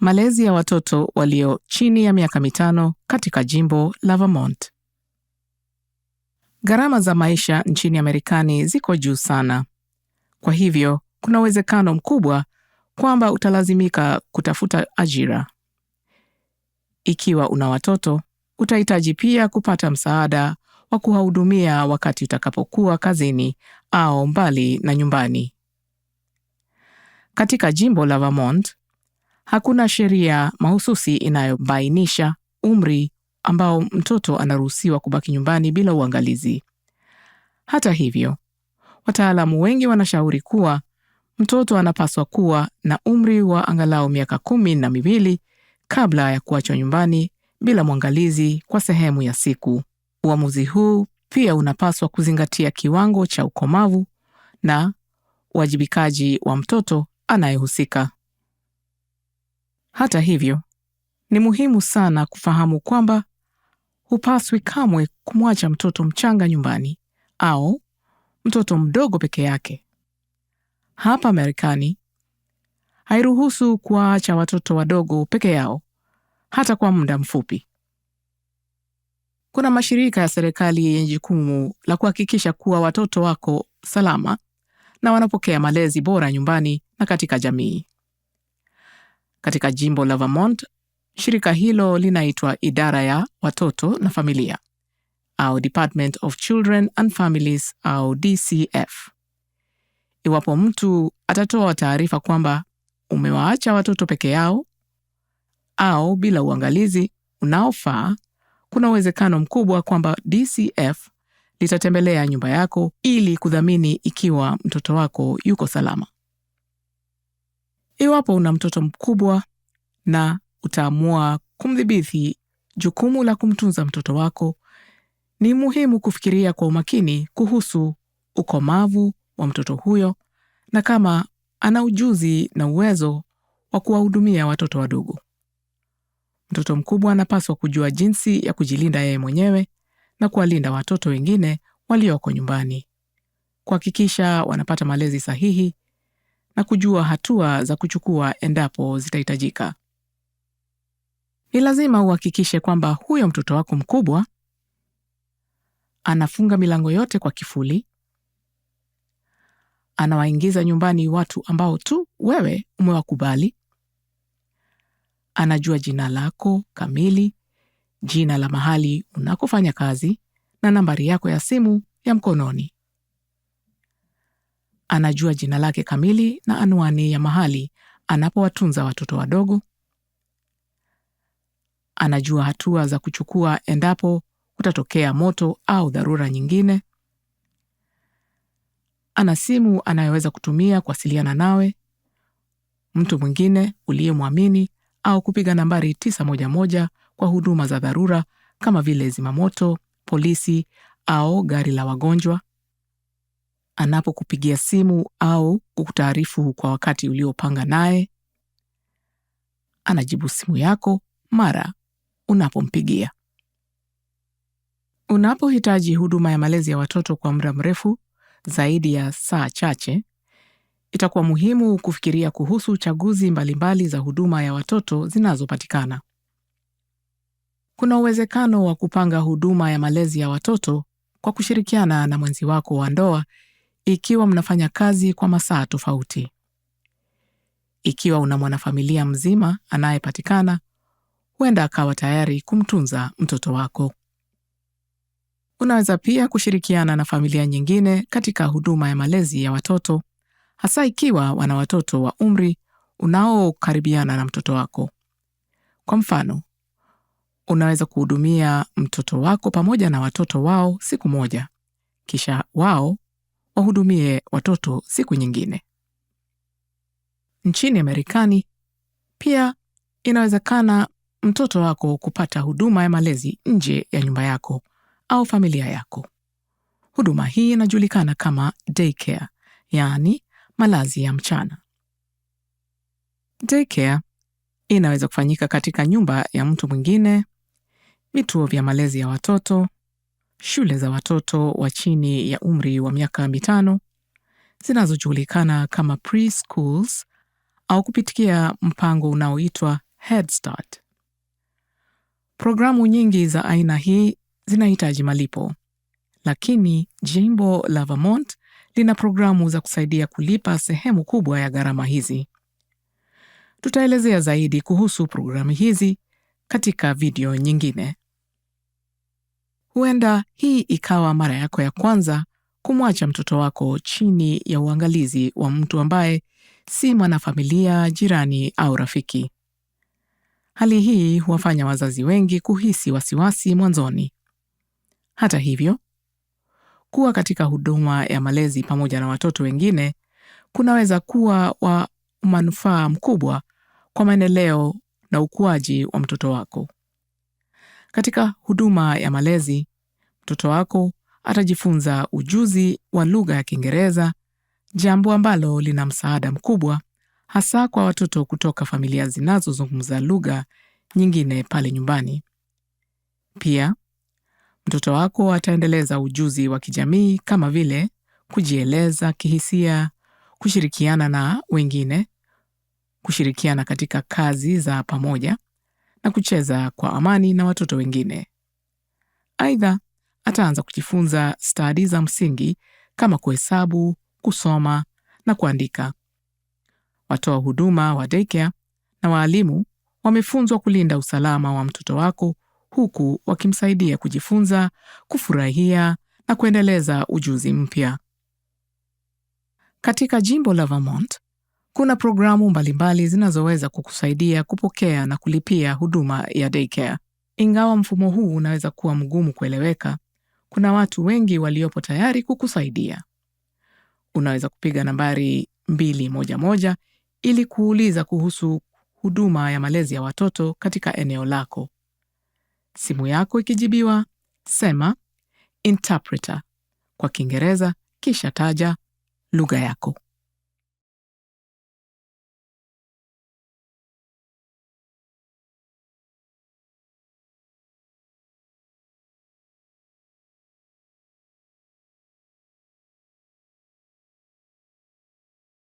malezi ya watoto walio chini ya miaka mitano katika jimbo la Vermont. Gharama za maisha nchini Marekani ziko juu sana, kwa hivyo kuna uwezekano mkubwa kwamba utalazimika kutafuta ajira. Ikiwa una watoto, utahitaji pia kupata msaada wa kuwahudumia wakati utakapokuwa kazini au mbali na nyumbani. Katika jimbo la Vermont, Hakuna sheria mahususi inayobainisha umri ambao mtoto anaruhusiwa kubaki nyumbani bila uangalizi. Hata hivyo, wataalamu wengi wanashauri kuwa mtoto anapaswa kuwa na umri wa angalau miaka kumi na miwili kabla ya kuachwa nyumbani bila mwangalizi kwa sehemu ya siku. Uamuzi huu pia unapaswa kuzingatia kiwango cha ukomavu na uwajibikaji wa mtoto anayehusika. Hata hivyo, ni muhimu sana kufahamu kwamba hupaswi kamwe kumwacha mtoto mchanga nyumbani au mtoto mdogo peke yake. Hapa Marekani hairuhusu kuwaacha watoto wadogo peke yao hata kwa muda mfupi. Kuna mashirika ya serikali yenye jukumu la kuhakikisha kuwa watoto wako salama na wanapokea malezi bora nyumbani na katika jamii katika jimbo la Vermont. Shirika hilo linaitwa idara ya watoto na familia au Department of Children and Families au DCF. Iwapo mtu atatoa taarifa kwamba umewaacha watoto peke yao au bila uangalizi unaofaa, kuna uwezekano mkubwa kwamba DCF litatembelea nyumba yako ili kudhamini ikiwa mtoto wako yuko salama iwapo una mtoto mkubwa na utaamua kumdhibithi jukumu la kumtunza mtoto wako, ni muhimu kufikiria kwa umakini kuhusu ukomavu wa mtoto huyo na kama ana ujuzi na uwezo wa kuwahudumia watoto wadogo. Mtoto mkubwa anapaswa kujua jinsi ya kujilinda yeye mwenyewe na kuwalinda watoto wengine walioko nyumbani, kuhakikisha wanapata malezi sahihi na kujua hatua za kuchukua endapo zitahitajika. Ni lazima uhakikishe kwamba huyo mtoto wako mkubwa anafunga milango yote kwa kifuli, anawaingiza nyumbani watu ambao tu wewe umewakubali, anajua jina lako kamili, jina la mahali unakofanya kazi na nambari yako ya simu ya mkononi anajua jina lake kamili na anwani ya mahali anapowatunza watoto wadogo. Anajua hatua za kuchukua endapo kutatokea moto au dharura nyingine. Ana simu anayoweza kutumia kuwasiliana nawe, mtu mwingine uliyemwamini, au kupiga nambari 911 kwa huduma za dharura kama vile zimamoto, polisi au gari la wagonjwa anapokupigia simu au kukutaarifu kwa wakati uliopanga naye. Anajibu simu yako mara unapompigia. Unapohitaji huduma ya malezi ya watoto kwa muda mrefu zaidi ya saa chache, itakuwa muhimu kufikiria kuhusu chaguzi mbalimbali za huduma ya watoto zinazopatikana. Kuna uwezekano wa kupanga huduma ya malezi ya watoto kwa kushirikiana na mwenzi wako wa ndoa ikiwa mnafanya kazi kwa masaa tofauti. Ikiwa una mwanafamilia mzima anayepatikana, huenda akawa tayari kumtunza mtoto wako. Unaweza pia kushirikiana na familia nyingine katika huduma ya malezi ya watoto, hasa ikiwa wana watoto wa umri unaokaribiana na mtoto wako. Kwa mfano, unaweza kuhudumia mtoto wako pamoja na watoto wao siku moja, kisha wao wahudumie watoto siku nyingine. Nchini Marekani pia inawezekana mtoto wako kupata huduma ya malezi nje ya nyumba yako au familia yako. Huduma hii inajulikana kama daycare, yaani malazi ya mchana. Daycare inaweza kufanyika katika nyumba ya mtu mwingine, vituo vya malezi ya watoto, shule za watoto wa chini ya umri wa miaka mitano zinazojulikana kama preschools au kupitikia mpango unaoitwa Head Start. Programu nyingi za aina hii zinahitaji malipo, lakini jimbo la Vermont lina programu za kusaidia kulipa sehemu kubwa ya gharama hizi. Tutaelezea zaidi kuhusu programu hizi katika video nyingine. Huenda hii ikawa mara yako ya kwanza kumwacha mtoto wako chini ya uangalizi wa mtu ambaye si mwanafamilia, jirani au rafiki. Hali hii huwafanya wazazi wengi kuhisi wasiwasi mwanzoni. Hata hivyo, kuwa katika huduma ya malezi pamoja na watoto wengine kunaweza kuwa wa manufaa mkubwa kwa maendeleo na ukuaji wa mtoto wako. Katika huduma ya malezi, mtoto wako atajifunza ujuzi wa lugha ya Kiingereza, jambo ambalo lina msaada mkubwa hasa kwa watoto kutoka familia zinazozungumza lugha nyingine pale nyumbani. Pia, mtoto wako ataendeleza ujuzi wa kijamii kama vile kujieleza kihisia, kushirikiana na wengine, kushirikiana katika kazi za pamoja, na kucheza kwa amani na watoto wengine. Aidha, ataanza kujifunza stadi za msingi kama kuhesabu, kusoma na kuandika. Watoa huduma wa daycare na waalimu wamefunzwa kulinda usalama wa mtoto wako huku wakimsaidia kujifunza, kufurahia na kuendeleza ujuzi mpya. Katika jimbo la Vermont, kuna programu mbalimbali zinazoweza kukusaidia kupokea na kulipia huduma ya daycare. Ingawa mfumo huu unaweza kuwa mgumu kueleweka, kuna watu wengi waliopo tayari kukusaidia. Unaweza kupiga nambari 211 ili kuuliza kuhusu huduma ya malezi ya watoto katika eneo lako. Simu yako ikijibiwa, sema interpreter kwa Kiingereza kisha taja lugha yako.